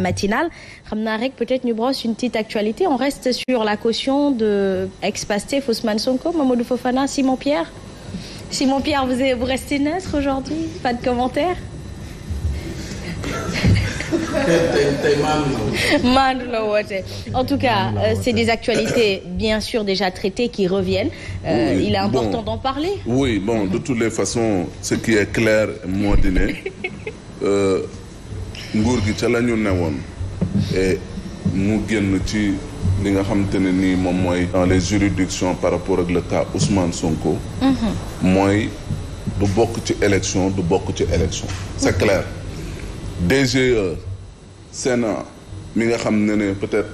matinale. Ramnarek, peut-être nous brosse une petite actualité. On reste sur la caution de ex pasté Fosman Sonko, Mamadou Fofana, Simon Pierre. Simon Pierre, vous, vous restez neutre aujourd'hui Pas de commentaires en tout cas, euh, c'est des actualités bien sûr déjà traitées qui reviennent. Euh, il est important d'en parler. Oui, bon, de toutes les façons, ce qui est clair, moi, dîner, euh, nguur gi ca la mu génn ci li nga dans les juridictions par rapport à le Ousmane Sonko mhm. mooy du bokk ci élection du bokk c'est mhm. clair DGE Sénat mi nga peut-être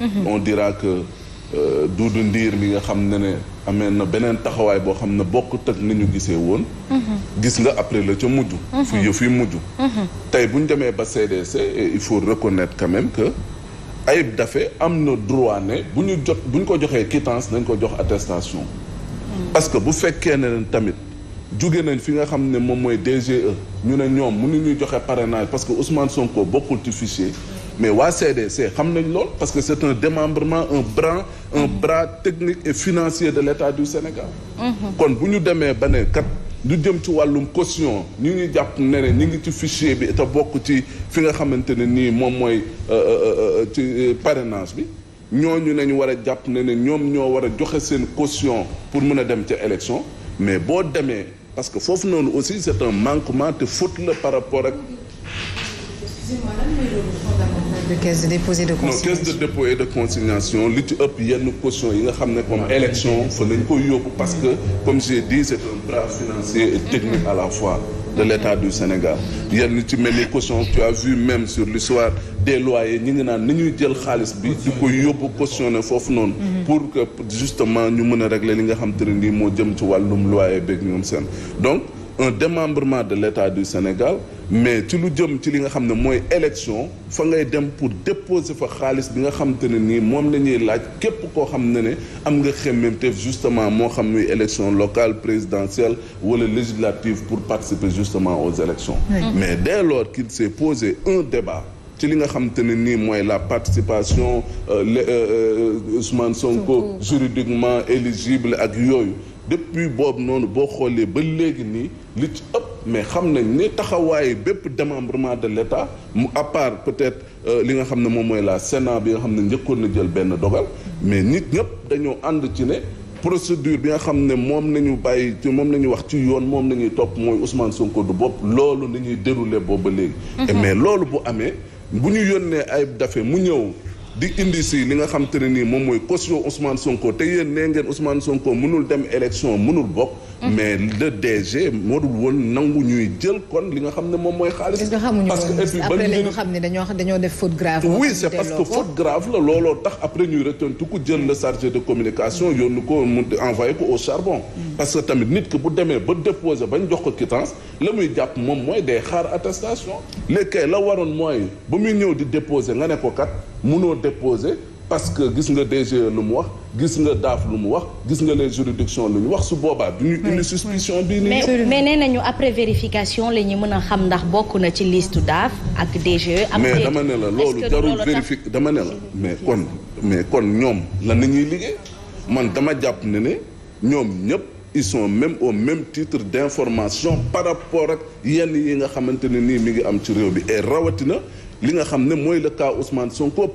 mhm. on dira que Euh, Duudu Ndiir mi nga xam ne ne amee na beneen taxawaay boo xam ne bokkut ak ni ñu gisee woon mhm. gis nga après la ca mujj mhm. fu yëf yi mujj mhm. tey bu ñu demee ba CDC il faut reconnaître quand même que Ayib dafe am na droit ne bu ñu jot bu ñu ko joxee quittance nañ ko jox attestation parce que bu fekkee ne tamit jóge nañ fi nga xam ne moom mooy DGE ñu ne ñoom ñuy joxe pare parrainage parce que Ousmane Sonko bokkul ci fichier mais waa CDC xam nañ lool parce que c'est un démembrement un bras un mm-hmm. bras technique et financier de l'État du Sénégal mm-hmm. kon bu ñu demee ba ne kat lu jëm ci wàllum caution ñu ngi jàpp ne ni ñu ngi ci fichier bi te bokk ci fi nga xamante ne nii moom mooy euh, euh, euh, ci parrainage bi ñooñu nañu war a jàpp ne ne ñoom ñoo war a joxe seen caution pour mën a dem élection mais boo demee parce que foofu noonu aussi c'est un manquement te faute la par rapport ak de caisse de dépôt de consignation non caisse de dépôt et de consignation li yenn caution il nga a comme élection fa lañ ko yóbbu parce que comme j'ai dit c'est un bras financier et technique à la fois de l'État du Sénégal yenn ci mel les caution tu as vu même sur l'histoire des loyers ñi ngi naan ni ñuy jël xaalis bi di ko yóbbu cautionné foofu mhm. pour que justement nous mën régler li nga xam te ne nii moo jëm ci loyer donc un démembrement de l'État du Sénégal mais ci lu ci li nga une élection fa ngay dem pour déposer ne justement élection locale présidentielle ou législative pour participer justement aux élections mais dès lors qu'il s'est posé un débat la participation euh, euh, euh, juridiquement éligible à depuis boobu noonu boo xoolee ba léegi nii li ci ëpp mais xam nañ ni taxawaayu bépp démembrement de leta mu à part euh, li nga xam ne moom mooy la Sénat bi nga xam ne njëkkoon na jël benn dogal mais nit ñëpp dañoo ànd ci ne procédure bi nga xam ne moom nañu bàyyi ci moom nañu wax ci yoon moom nañuy topp mooy Ousmane Sonko du bopp loolu nañuy dérouler boobu ba léegi mhm. mais loolu bu amee bu ñu yónnee ay Daffé mu ñëw di indi si li nga xam te ne nii moom mooy caution Ousmane Sonko te yéen nee ngeen Ousmane Sonko mënul dem élection mënul bokk Mm-hmm. mais le DG modul won nangu ñuy jël kon li nga xamné mom moy mooy parce que après li nga xamné xam ne dañoo def faute grave. oui c'est parce que faute grave la lolo tax après ñuy retentu ko jël le chargé de communication mm-hmm. yónni ko mu envoyé ko au charbon. Mm-hmm. parce que tamit nit ki bu démé ba déposer bañ jox ko quittance lamuy japp mom moy mooy xaar attestation. léegi kay la waroon moy bu muy ñëw di déposer nga ne ko kat mëno déposer parce que gis nga DGE lu mu wax gis nga DAF lu mu wax gis nga les juridictions lu ñu wax su boba du ñu indi suspicion bii mais mais nee nañu après vérification lañu mëna xam ndax bokku na ci liste DAF ak DGE. après mais dama ne la lolu jarul vérifi dama ne la mais kon mais kon ñom la na ñuy liggéey man dama japp ne ne ñoom ils sont même au même titre d'information par rapport ak yenn yi nga xamante ni mi ngi am ci réew bi et rawatina li nga xam le cas Ousmane Sonko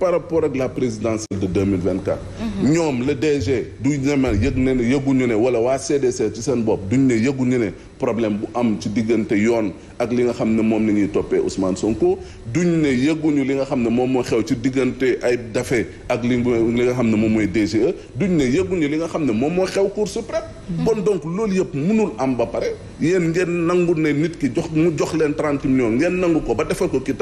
par rapport ak la présidentielle de 2024 mhm. ñom le DG du ñeme yëg ne ne yëguñu ne wala wa CDC ci sen bop duñ ne yëguñu ne problème bu am ci diggante yoon ak li nga xam ne moom la ñuy toppee Ousmane Sonko duñ ne yëguñu li nga xam mom mo xew ci diggante ay dafé ak li li nga xam ne DGE duñ ne yëguñu li nga xam mom mo xew Cour suprême mhm. bon donc lool yëpp mënul am ba pare Yen ngeen nangul ne nit ki jox mu jox leen 30 millions ngeen nangu ko ba defal ko kit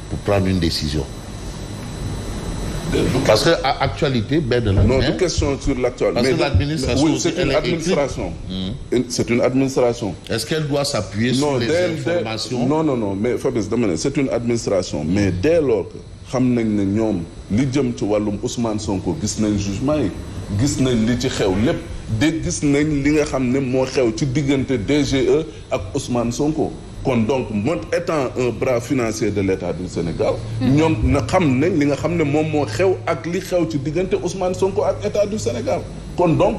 pour prendre une décision. Parce que actualité, ben de la Non, une question sur l'actualité. Parce que l'administration, oui, c'est une, administration. Hmm. C'est une administration. Est-ce qu'elle doit s'appuyer sur les dès, informations Non, non, non. Mais Fabrice c'est une administration. Mais dès lors que xamnañ nañ ne ñoom li jëm ci walum Ousmane Sonko gis nañ jugement yi gis nañ li ci xew lépp de gis nañ li nga xam mo xew ci digënté DGE ak Ousmane Sonko donc étant un bras financier de l'État du Sénégal. nous na xam nga xam ne moom xew ak li xew ci état du Sénégal kon donc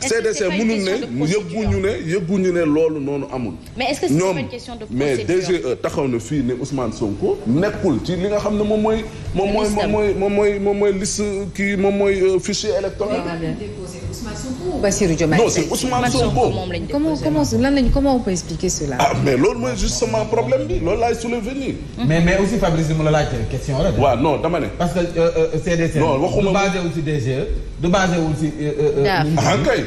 CDC mënul ne yëgguñu ne yëgguñu ne loolu noonu amul. mais est-ce que c'est une question de procédure mais DGE taxaw na fii ne Ousmane Sonko. nekkul ci li nga xam ne moom mooy. moom mooy moom mooy moom mooy moom mooy liste kii moom mooy euh, fichier électoral. Bassirou Diomaye non c'est Ousmane Sonko. comment comment lan lañ comment on peut expliquer cela. ah mais loolu mooy justement problème bi loolu laay soulevé nii. Mhm. mais mais aussi Fabrice mu la laajte question là. Ouais, non dama ne. parce que CDC. Euh, euh, non waxuma du basé wu si DGE du basé wu si.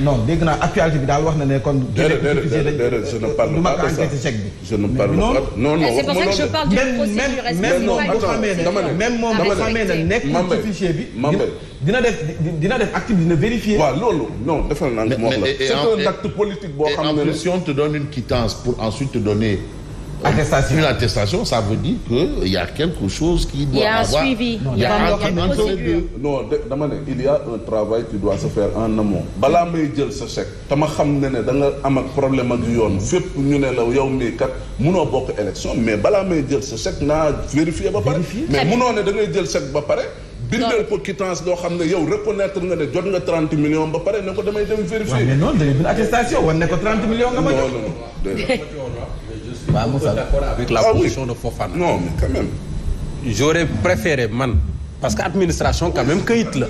non dès que l'actualité, na je ne parle pas de ça je ne parle pas non non ah, c'est pour ça que je parle la même mon même même même fichier non c'est un acte politique si on te donne une quittance pour ensuite te donner. Attestation. Une attestation, ça veut dire qu'il y a quelque chose qui doit avoir... Il y a un suivi. Il y a un Non, il y a un travail qui doit se faire en amont. Bala may jël ce chèque dama xam un problème da nga am ak problème ak yoon fépp ñu ne la yow mii kat munoo bokk élection mais Bala may jël ce chèque naa vérifier ba mais munoo ne da ngay jël chèque ba pare bindal ko quittance loo xam ne yow reconnaître nga ne jot nga 30 millions ba pare ne ko damay dem vérifier. waaw mais non, da ngay bind attestation wan ne ko 30 millions nga ma jox. non non non. waaw Moussa d'accord avec la ah position de Fofana. non mais quand même. j'aurais préféré man. parce que administration quand même këyit la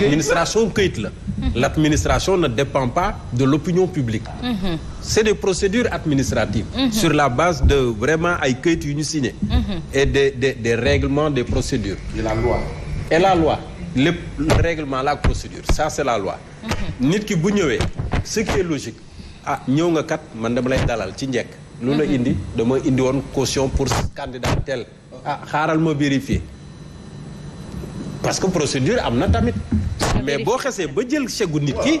administration këyit la mm-hmm. l'administration ne dépend pas de l'opinion publique mm-hmm. c'est des procédures administratives mm-hmm. sur la base de vraiment ay këyit yu ñu signé et des des des règlements des procédures de la loi et la loi le règlement la procédure ça c'est la loi nit ki bu ñëwé ce qui est logique ah ñëw nga kat man dama lay dalal ci ñek lu la indi dama indi won caution pour candidat tel ah xaaral ma vérifier parce que procédure amna tamit mais bo xesee ba jël chegu nit ki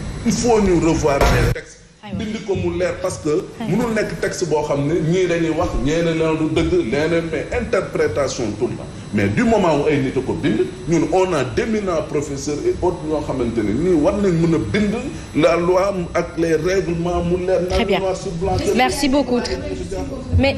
il faut nous revoir les textes bind ko mu leer parce que mënul nekk texte boo xam ne ñii dañuy wax ñee rien du dëgg rien mais interprétation tout là mais du moment où ay nit ko bind ñun on a d'éminents professeurs et autres nous xamante ne nii war nañ mën bind la loi ak les règlements nous l'air très bien sur blanc merci beaucoup mais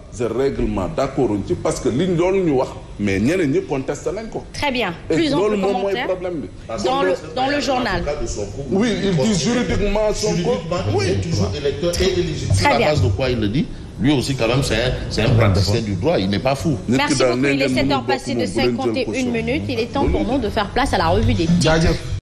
le règlement d'accord parce que liñ loolu le mais n'y ne contesté de contestant. très bien plus on peut dans le dans le journal. oui il dit juridiquement son oui il est toujours électeur et éligible. sur la base de quoi il le dit. lui aussi quand même c'est un, un praticien du droit, il n'est pas fou. Merci beaucoup, il est 7 h passées de 51 minutes, il est temps pour nous de faire place à la revue des titres.